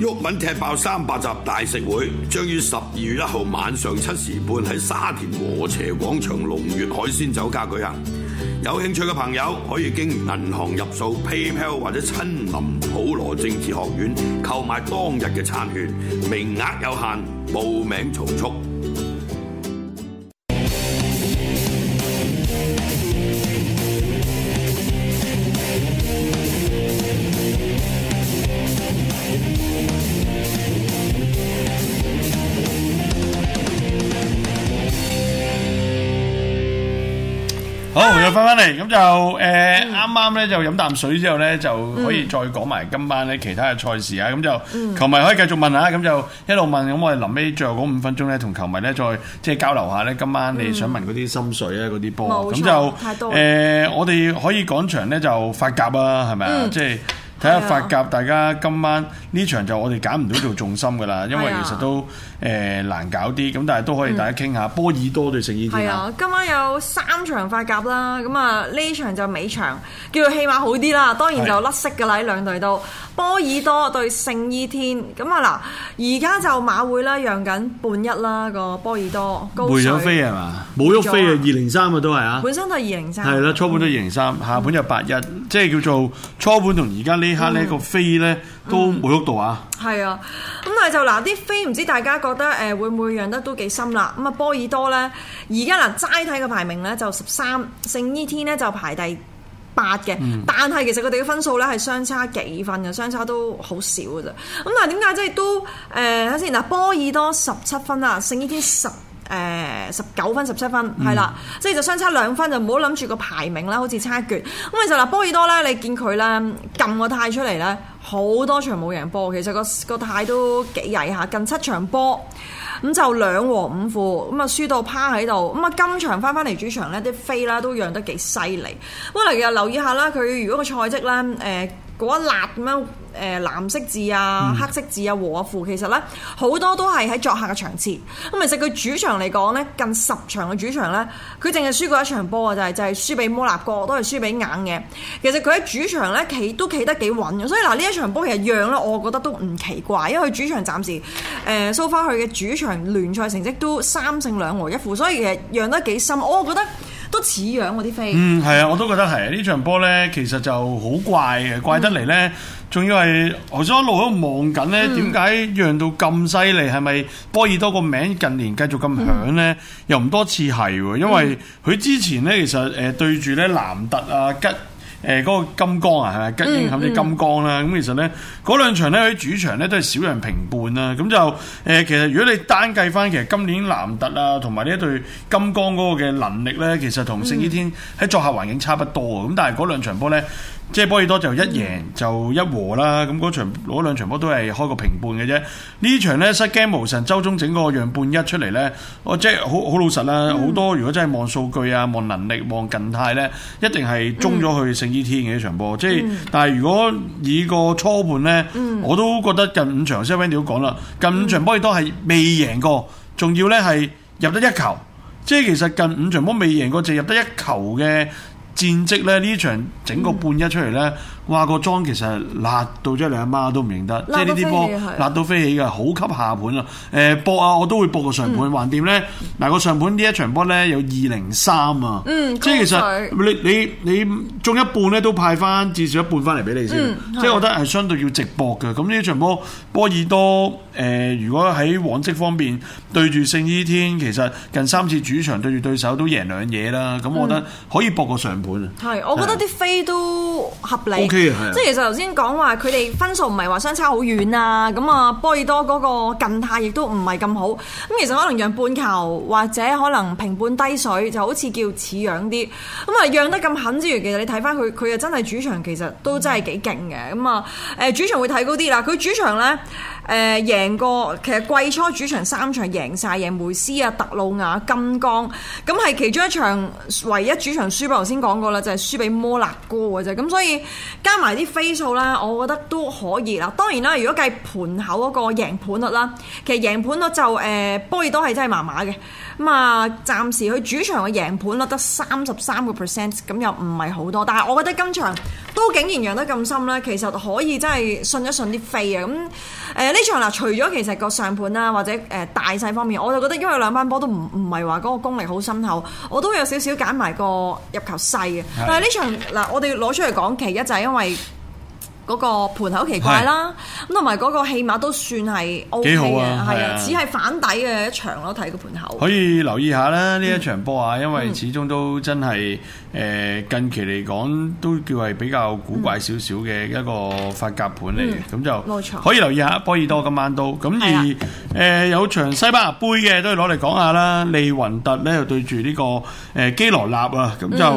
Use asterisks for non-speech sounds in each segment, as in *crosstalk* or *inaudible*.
毓民踢爆三百集大食會，將於十二月一號晚上七時半喺沙田禾輋廣場龍悅海鮮酒家舉行。有興趣嘅朋友可以經銀行入數 PayPal 或者親臨普羅政治學院購買當日嘅餐券，名額有限，報名從速。好，又翻翻嚟，咁 Hi 就誒啱啱咧就飲啖水之後咧就可以再講埋今晚咧其他嘅賽事啊，咁、嗯、就球迷可以繼續問下。咁就一路問，咁我哋臨尾最後嗰五分鐘咧同球迷咧再即係交流下咧，今晚你想問嗰啲心水啊嗰啲波，咁錯就誒、呃、我哋可以廣場咧就發夾啊，係咪啊？即係、嗯。就是睇下法甲，大家今晚呢場就我哋揀唔到做重心噶啦，因為其實都誒、 *coughs* 呃、難搞啲，咁但係都可以大家傾下、嗯、波爾多對聖伊天、啊。啊，今晚有三場法甲啦，咁啊呢場就尾場，叫做起碼好啲啦。當然就甩色噶啦，呢是的 兩隊都。波爾多對聖伊天，咁啊，嗱，而家就馬會啦，讓緊半一啦，個波爾多高水咗，飛係嘛，冇喐飛了啊，二零三啊都係啊，本身都係二零三，係啦，初盤都二零三，下盤就八一，即係叫做初盤同而家呢刻呢個飛咧都冇喐到啊，係啊、嗯，咁、嗯、啊就嗱啲飛唔知大家覺得誒會唔會讓得都幾深啦，咁啊波爾多咧而家嗱齋睇個排名咧就十三，聖伊天咧就排第。八嘅，但係其實佢哋嘅分數咧係相差幾分嘅，相差都好少嘅啫。咁但係點解即係都誒？首先嗱波爾多十七分啦，勝已經十誒十九分十七分係啦，嗯、即係就相差兩分就唔好諗住個排名啦，好似差一橛。咁其實嗱，波爾多咧，你見佢咧撳個態出嚟咧，好多場冇贏波，其實個個態都幾曳下，近七場波。咁就兩和五負，咁啊，輸到趴喺度，咁今場翻返嚟主場咧，啲飛啦都讓得幾犀利，威廉嘅留意一下啦，佢如果個賽績咧，呃嗰一辣咁樣，誒、呃、藍色字啊、黑色字啊和一負，其實呢，好多都係喺作客嘅場次。咁其實佢主場嚟講呢近十場嘅主場呢，佢淨係輸過一場波啊，就係就係輸俾摩納哥，都係輸俾硬嘅。其實佢喺主場呢，企都企得幾穩嘅。所以嗱，呢、呃、一場波其實讓呢，我覺得都唔奇怪，因為佢主場暫時誒 so far 佢嘅主場聯賽成績都三勝兩和一負，所以其實讓得幾深，我覺得。都似樣嗰啲、啊、飛，嗯，係啊，我都覺得係啊。呢場波呢，其實就好怪嘅，怪得嚟呢，仲、嗯、要係我一路都望緊呢。點解讓到咁犀利？係咪波爾多個名近年繼續咁響呢？嗯、又唔多次係喎，因為佢之前呢，其實誒對住呢南特啊吉。誒嗰、呃那個金剛啊，係咪吉英冚住金剛啦？咁、嗯嗯、其實咧，嗰兩場咧喺主場咧都係少人平半啦。咁就誒、呃，其實如果你單計翻，其實今年南特啊同埋呢一對金剛嗰個嘅能力咧，其實同聖伊天喺作客環境差不多嘅。咁、嗯、但係嗰兩場波咧。即係波爾多就一贏、嗯、就一和啦，咁嗰攞兩場波都係開個平半嘅啫。場呢場咧失驚無神，周中整個讓半一出嚟咧，我即係好好老實啦。好、嗯、多如果真係望數據啊、望能力、望近態咧，一定係中咗去聖伊天嘅呢場波。嗯、即係，但係如果以個初盤咧，嗯、我都覺得近五場 Wendy 都講啦，近五場波爾多係未贏過，仲要咧係入得一球。即係其實近五場波未贏過，就入得一球嘅。戰績呢，呢場整個半一出嚟呢。嗯話、個妝其實辣到咗你阿媽都唔認得，即係呢啲波辣到飛起嘅，好吸下盤啊。誒、欸，博啊，我都會搏個上盤，橫掂咧。嗱，個上盤呢一場波咧有二零三啊，嗯、即係其實你你你中一半咧都派翻至少一半翻嚟俾你先。嗯、即係我覺得係相對要直博嘅。咁呢一場波波爾多誒、呃，如果喺往績方面對住聖伊天，其實近三次主場對住對手都贏兩嘢啦。咁、嗯、我覺得可以搏個上盤。係的，的我覺得啲飛都合理。Okay, 即係其實頭先講話佢哋分數唔係話相差好遠啊，咁啊波爾多嗰個近態亦都唔係咁好，咁其實可能讓半球或者可能平半低水就好似叫似樣啲，咁啊讓得咁狠之餘，其實你睇翻佢佢又真係主場其實都真係幾勁嘅，咁啊誒主場會睇高啲啦，佢主場咧。誒、呃、贏過，其實季初主場三場贏晒，贏梅斯啊、特魯瓦、金剛，咁係其中一場唯一主場輸，我頭先講過啦，就係、是、輸俾摩納哥嘅啫。咁所以加埋啲飛數啦，我覺得都可以啦。當然啦，如果計盤口嗰個贏盤率啦，其實贏盤率就誒、呃、波爾多係真係麻麻嘅。咁啊，暫時佢主場嘅贏盤率得三十三個 percent，咁又唔係好多。但係我覺得今場都竟然贏得咁深咧，其實可以真係信一信啲飛啊。咁誒呢場嗱，除咗其實個上盤啦，或者誒、呃、大細方面，我就覺得因為兩班波都唔唔係話嗰個功力好深厚，我都有少少揀埋個入球細嘅。是的 但係呢場嗱、呃，我哋攞出嚟講，其一就係因為。嗰個盤口奇怪啦，咁同埋嗰個戲碼都算係 O K 嘅。係啊，只係反底嘅一場咯，睇個盤口。可以留意下咧呢一場波啊，因為始終都真係誒近期嚟講都叫係比較古怪少少嘅一個發夾盤嚟嘅，咁就可以留意下波爾多今晚都咁。而誒有場西班牙杯嘅都係攞嚟講下啦，利雲特咧就對住呢個誒基羅納啊，咁就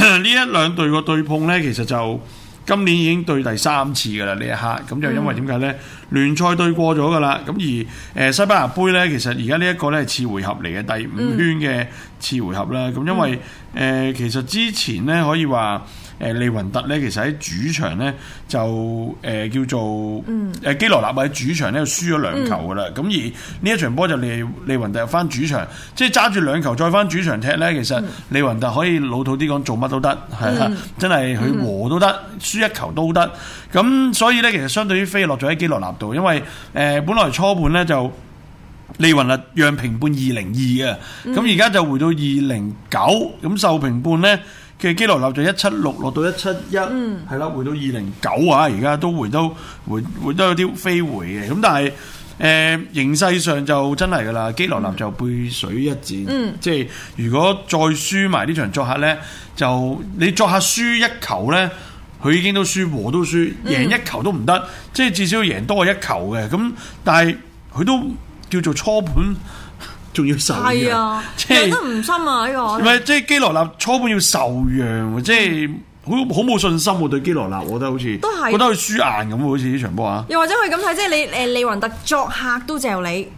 呢一兩隊個對碰咧，其實就～今年已經對第三次嘅啦呢一刻，咁就因為點解呢？嗯、聯賽對過咗嘅啦，咁而誒西班牙杯呢，其實而家呢一個呢係次回合嚟嘅第五圈嘅次回合啦。咁因為誒、嗯呃、其實之前呢，可以話。誒利雲特咧，其實喺主場咧就誒叫做誒基羅納喺主場咧輸咗兩球噶啦，咁、嗯、而呢一場波就利利雲特翻主場，即係揸住兩球再翻主場踢咧，其實利雲特可以老土啲講做乜都得，係、嗯、真係佢和都得，嗯、輸一球都得。咁所以咧，其實相對於飛落咗喺基羅納度，因為誒本來初盤咧就利雲特讓平半二零二嘅，咁而家就回到二零九，咁受平半咧。嘅基羅納就一七六落到一七一，係啦，回到二零九啊，而家都回都回回都有啲飛回嘅，咁但係誒、呃、形勢上就真係㗎啦，基羅納就背水一戰，嗯、即係如果再輸埋呢場作客咧，就你作客輸一球咧，佢已經都輸和都輸，贏一球都唔得，嗯、即係至少要贏多一球嘅，咁但係佢都叫做初盤。仲要受，係啊，打是得唔深啊呢、這個。唔係即係基羅納初盤要受讓，嗯、即係好好冇信心喎、啊、對基羅納，我覺得好似都係 是，覺得佢輸硬咁，好似呢場波啊。又或者可以咁睇，即係你誒李雲特作客都嚼你，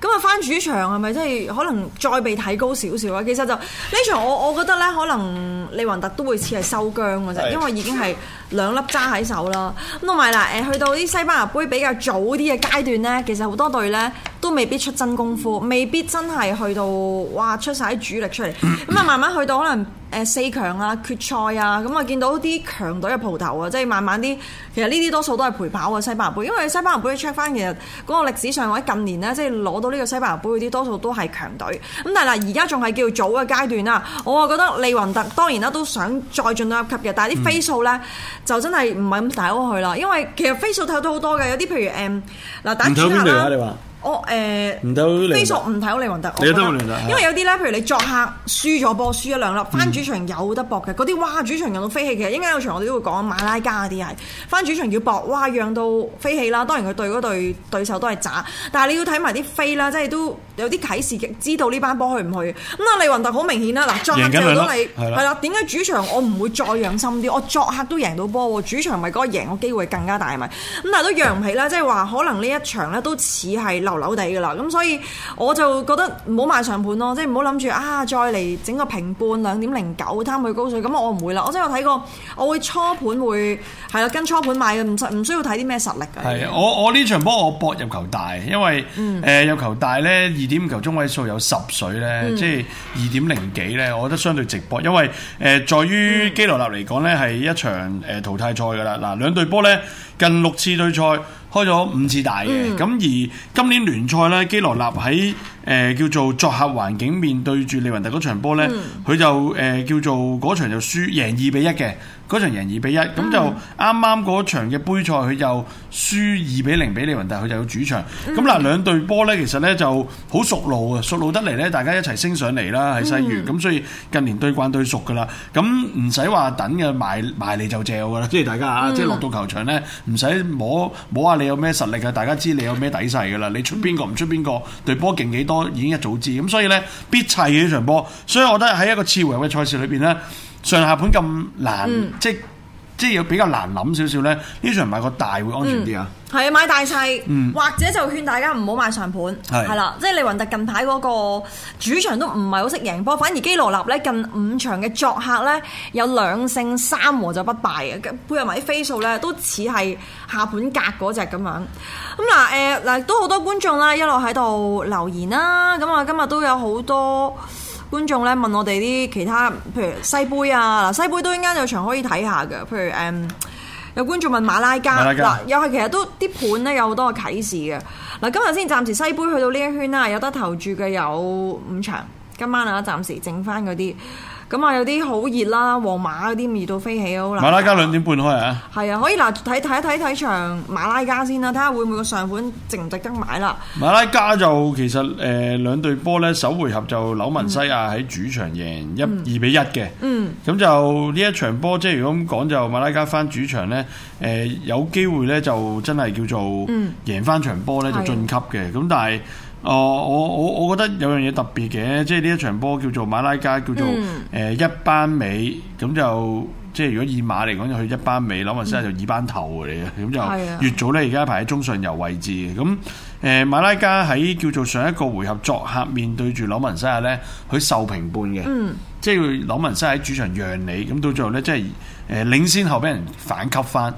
咁啊翻主場係咪即係可能再被睇高少少啊？其實就呢場我我覺得咧，可能李雲特都會似係收姜嘅啫，是的 因為已經係兩粒揸喺手啦。咁同埋嗱，誒去到啲西班牙杯比較早啲嘅階段咧，其實好多隊咧。都未必出真功夫，未必真係去到哇出晒啲主力出嚟，咁啊慢慢去到可能誒四強啊決賽啊，咁啊見到啲強隊嘅蒲頭啊，即係慢慢啲。其實呢啲多數都係陪跑啊，西班牙杯，因為西班牙杯 check 翻其實嗰個歷史上或者近年呢，即係攞到呢個西班牙杯嗰啲多數都係強隊。咁但係嗱，而家仲係叫早嘅階段啦，我啊覺得利雲特當然啦都想再進到一級嘅，但係啲飛數呢，就真係唔係咁大 O 去啦，因為其實飛數睇到好多嘅，有啲譬如誒嗱打主我誒，飛索唔睇好李雲特，得我覺得因為有啲咧，譬如你作客輸咗波，輸咗兩粒，翻主場有得搏嘅。嗰啲、嗯、哇，主場贏到飛起，其實應該有場我哋都會講馬拉加嗰啲係翻主場要搏。哇，讓到飛起啦。當然佢對嗰對對手都係渣，但係你要睇埋啲飛啦，即係都有啲啟示嘅，知道呢班波去唔去。咁啊，李雲特好明顯啦，嗱作客贏到你係啦。點解的主場我唔會再讓深啲？我作客都贏到波喎，主場咪嗰個贏嘅機會更加大咪？咁但係都讓唔起啦，對 即係話可能呢一場咧都似係。樓樓地噶啦，咁所以我就覺得唔好買長盤咯，即係唔好諗住啊，再嚟整個平半兩點零九貪佢高水，咁我唔會啦。我真係有睇過，我會初盤會係咯，跟初盤買嘅，唔使唔需要睇啲咩實力嘅。係我我呢場波我搏入球大，因為誒入，嗯呃，球大咧，二點五球中位數有十水咧，即係二點零幾咧，我覺得相對直波，因為誒、呃、在於基羅納嚟講咧係一場誒、呃、淘汰賽噶啦，嗱兩隊波咧近六次對賽。開咗五次大嘅，咁、嗯、而今年聯賽咧，基羅納喺誒、呃、叫做作客環境面對住利雲特嗰場波咧，佢、嗯、就誒、呃、叫做嗰場就輸贏二比一嘅。嗰場贏二比一、嗯，咁就啱啱嗰場嘅杯賽佢就輸二比零俾利雲，但係佢就有主場。咁嗱、嗯、兩隊波呢，其實呢就好熟路啊，熟路得嚟呢，大家一齊升上嚟啦喺西元，咁、嗯、所以近年對慣對熟噶啦，咁唔使話等嘅埋埋嚟就借噶啦。即係大家啊，嗯、即係落到球場呢，唔使摸摸下你有咩實力啊，大家知你有咩底細噶啦。你出邊個唔出邊個，隊波勁幾多已經一早知，咁所以呢，必砌嘅呢場波。所以我覺得喺一個次回合嘅賽事裏邊呢。上下盤咁難，嗯、即即要比較難諗少少咧。呢場買個大會安全啲啊？係啊、嗯，買大細，嗯、或者就勸大家唔好買上盤，係啦是的。即利雲特近排嗰個主場都唔係好識贏波，反而基羅納咧近五場嘅作客咧有兩勝三和就不敗嘅，配合埋啲飛數咧都似係下盤格嗰隻咁樣。咁嗱誒嗱都好多觀眾啦，一路喺度留言啦。咁啊今日都有好多，觀眾咧問我哋啲其他，譬如西杯啊，嗱西杯都應該有場可以睇下嘅，譬如誒、嗯、有觀眾問馬拉加，嗱又係其實都啲盤咧有好多嘅啟示嘅，嗱今日先暫時西杯去到呢一圈啦，有得投注嘅有五場，今晚啊暫時剩翻嗰啲。咁啊，有啲好熱啦，皇馬嗰啲熱到飛起啊！馬拉加兩點半開啊！係啊，可以嗱睇睇一睇睇場馬拉加先啦、啊，睇下會唔會個上盤值唔值得買啦、啊？馬拉加就其實誒、呃、兩隊波咧，首回合就紐文西亞喺主場贏一二、嗯、比一嘅、嗯。嗯。咁就呢一場波，即係如果咁講，就馬拉加翻主場咧，誒、呃、有機會咧就真係叫做、嗯、贏翻場波咧就晉級嘅。咁、嗯、但係。哦，我我我覺得有樣嘢特別嘅，即係呢一場波叫做馬拉加，叫做誒、嗯呃、一班尾，咁就即係如果以馬嚟講，就去一班尾，紐文西亞就二班頭嚟嘅，咁就越早咧而家排喺中上游位置嘅。咁誒馬拉加喺叫做上一個回合作客面對住紐文西亞咧，佢受平半嘅，即係紐文西亞喺主場讓你，咁到最後咧即係誒領先後俾人反擊翻。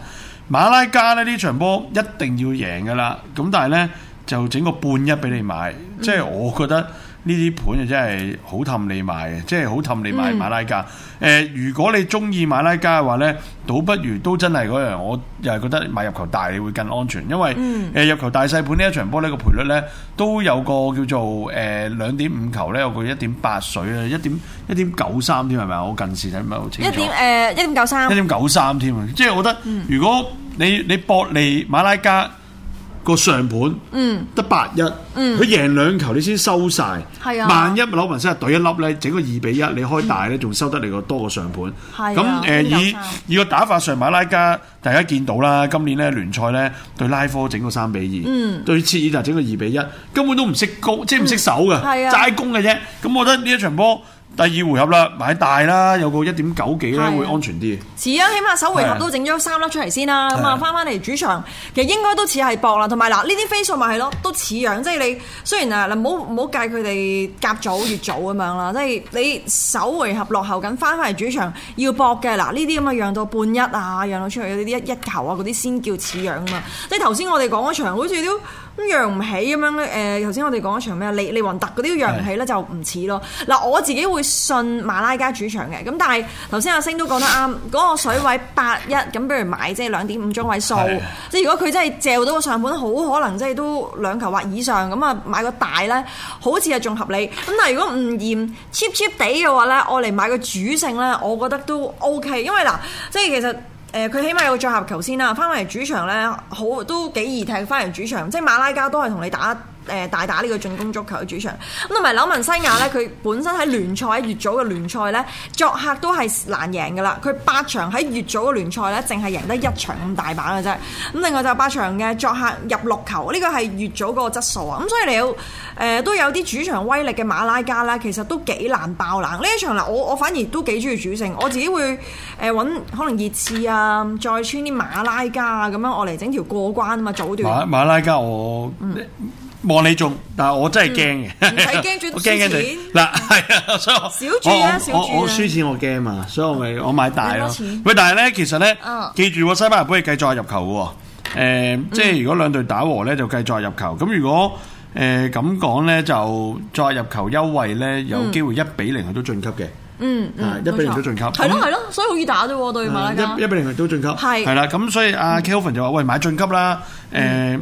馬拉加咧呢場波一定要贏㗎啦，咁但係咧。就整個半一俾你買，嗯、即係我覺得呢啲盤就真係好氹你買嘅，即係好氹你買馬拉加。誒、嗯呃，如果你中意馬拉加嘅話呢，倒不如都真係嗰樣，我又係覺得買入球大你會更安全，因為、嗯呃、入球大細盤呢一場波呢個賠率呢，都有個叫做誒兩點五球咧有個一點八水啊，一點一點九三添係咪？我近視睇唔係好清楚。一點九三。一點九三添啊！1> 1. 即係我覺得，如果你你博利馬拉加。個上盤嗯得八一，佢贏兩球你先收晒，嗯、萬一柳文生對一粒咧，整個二比一，1, 你開大咧仲、嗯、收得你個多個上盤，咁誒、嗯呃、以以個打法上馬拉加，大家見到啦，今年咧聯賽咧對拉科整個三比二，2, 嗯、對切爾達整個二比一，1, 根本都唔識攻，即係唔識守嘅，齋、嗯啊、攻嘅啫，咁我覺得呢一場波。第二回合啦，買大啦，有個一點九幾咧會安全啲。似啊，起碼首回合都整咗三粒出嚟先啦、啊，咁啊翻翻嚟主場，其實應該都似係搏啦。同埋嗱，呢啲飛數咪係咯，都似樣，即係你雖然啊嗱，唔好唔好計佢哋甲組乙組咁樣啦，即係你首回合落後緊，翻翻嚟主場要搏嘅嗱，呢啲咁啊讓到半一啊，讓到出嚟。呢啲一一球啊，嗰啲先叫似樣啊嘛。即係頭先我哋講嗰場，好似都。咁揚唔起咁樣咧？誒頭先我哋講一場咩啊？利利雲特嗰啲都揚唔起咧，就唔似咯。嗱，是的 我自己會信馬拉加主場嘅。咁但係頭先阿星都講得啱，嗰、嗰個水位八一咁，比如買即係兩點五中位數。是的 即係如果佢真係借到個上盤，好可能即係都兩球或以上咁啊，買個大咧，好似係仲合理。咁但係如果唔嫌 cheap cheap 啲嘅話咧，我嚟買個主勝咧，我覺得都 OK，因為嗱，即係其實。誒佢、呃、起碼有個聚合球先啦，翻嚟主場呢，好都幾易踢翻嚟主場，即係馬拉加都係同你打。誒大打呢個進攻足球嘅主場，咁同埋紐文西亞呢，佢本身喺聯賽喺乙組嘅聯賽呢，作客都係難贏嘅啦。佢八場喺乙組嘅聯賽呢，淨係贏得一場咁大把嘅啫。咁另外就八場嘅作客入六球，呢個係乙組嗰個質素啊。咁所以你有誒、呃、都有啲主場威力嘅馬拉加啦，其實都幾難爆冷呢一場啦。我我反而都幾鍾意主勝，我自己會誒揾、呃、可能熱刺啊，再穿啲馬拉加啊，咁樣我嚟整條過關啊嘛，組段馬，馬拉加我。嗯望你中，但係我真係驚嘅。唔使驚，最多輸錢。嗱，係啊，所以小我我輸錢我驚啊。所以我咪我買大咯。喂，但係咧，其實咧，記住喎，西班牙杯係計再入球嘅喎。誒，即係如果兩隊打和咧，就計再入球。咁如果誒咁講咧，就再入球優惠咧，有機會一比零都進級嘅。嗯，一比零都進級。係咯係咯，所以好易打啫喎，對馬拉加。一比零都進級。係。係啦，咁所以阿 Kelvin 就話：喂，買進級啦，誒。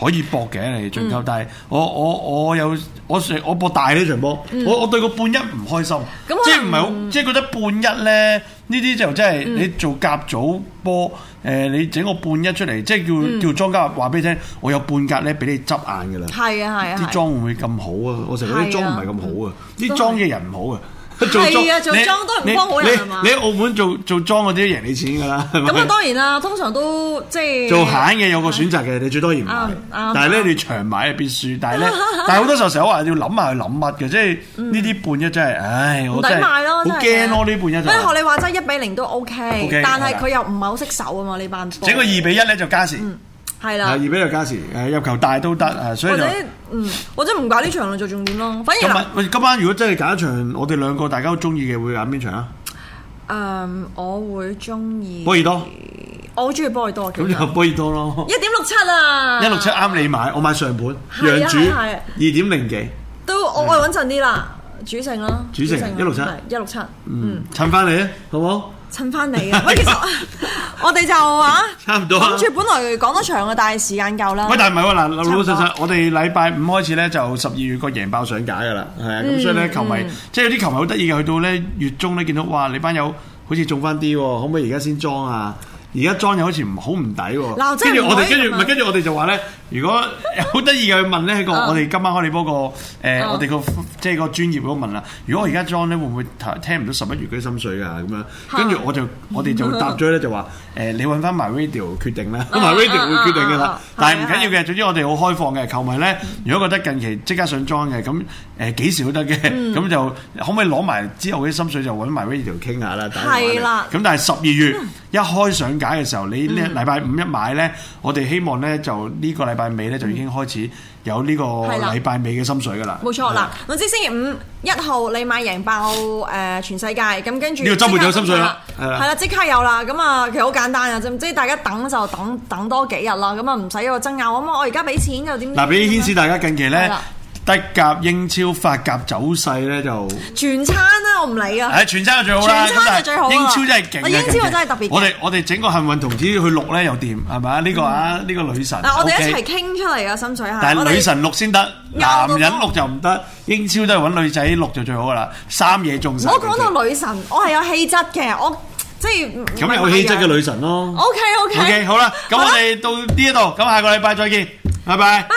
可以搏嘅你盡夠，嗯、但係我我我有我成我搏大呢場波，我、嗯、我，我對個半一唔開心，即係唔係好，即係覺得半一咧呢啲就真係你做甲組波，誒、呃、你整個半一出嚟，即係叫、嗯、叫莊家話俾你聽，我有半格咧俾你執眼㗎啦，係啊係啊，啲莊、啊啊、會唔會咁好啊？我成日啲莊唔係咁好啊，啲莊嘅人唔好啊。嗯係啊，做莊都唔幫好人係嘛？你喺澳門做做莊嗰啲贏你錢㗎啦。咁啊當然啦，通常都即係做閒嘅有個選擇嘅，你最多亦買。但係咧，你長買係必輸，但係咧，但係好多時候成日話要諗下去諗乜嘅，即係呢啲半一真係，唉，我真係好驚咯呢半一。不過學你話齋一比零都 OK，但係佢又唔係好識守啊嘛呢班。整個二比一咧就加時。係啦，二比六加時，誒入球大都得，誒所以或者嗯或者唔搞呢場啦，做重點咯。反而嗱，今晚如果真係揀一場，我哋兩個大家都中意嘅，會揀邊場啊？嗯，我會中意波爾多，我好中意波爾多，咁就波爾多咯，一點六七啊，一六七啱你買，我買上盤，讓主二點零幾，都我愛穩陣啲啦，主勝咯，主勝一六七，一六七，嗯，趁翻你啊，好冇？趁翻你就啊！喂，其實我哋就話，差唔多。諗住本來講得長嘅，但係時間夠啦。喂，但係唔係喎嗱，老老實實，我哋禮拜五開始咧就十二月個贏爆上架噶啦，係啊。咁、嗯、所以咧，球迷、嗯、即係有啲球迷好得意嘅，去到咧月中咧見到哇，你班友好似中翻啲，可唔可以而家先裝啊？而家裝又好似唔好唔抵喎，跟住我哋跟住唔係跟住我哋就話咧，如果好得意嘅去問咧，喺個我哋今晚開你波我哋嗰個誒我哋個即係個專業度問啦，如果我而家裝咧會唔會聽唔到十一月嗰啲心水啊？咁樣，跟住我就我哋就答咗咧，就話誒你揾翻埋 Radio 決定啦，咁埋 Radio 會決定噶啦。但係唔緊要嘅，總之我哋好開放嘅，球迷咧，如果覺得近期即刻想裝嘅咁誒幾時都得嘅，咁就可唔可以攞埋之後嗰啲心水就揾埋 Radio 傾下啦。係啦，咁但係十二月一開上，解嘅時候，你呢禮拜五一買咧，嗯、我哋希望咧就呢個禮拜尾咧就已經開始有呢個禮拜尾嘅心水噶啦。冇錯啦，總之的星期五一號你買贏爆誒全世界，咁跟住呢個周末有心水啦，係啦、嗯，即刻有啦。咁啊其實好簡單啊，總之大家等就等等多幾日啦，咁啊唔使個爭拗。咁我我而家俾錢又點？嗱，俾啲提示大家近期咧。德甲、英超、法甲走勢咧就全餐啦，我唔理啊！係全餐就最好啦，全餐就最好啦。英超真係勁啊！我英超真係特別。我哋我哋整個幸運童子去錄咧又掂係嘛？呢個啊呢個女神嗱，我哋一齊傾出嚟嘅心水嚇。但係女神錄先得，男人錄就唔得。英超都係揾女仔錄就最好㗎喇，三野眾神。我講到女神，我係有氣質嘅，我即係咁有氣質嘅女神咯。OK，OK，好啦，咁我哋到呢一度，咁下個禮拜再見，拜拜，拜拜。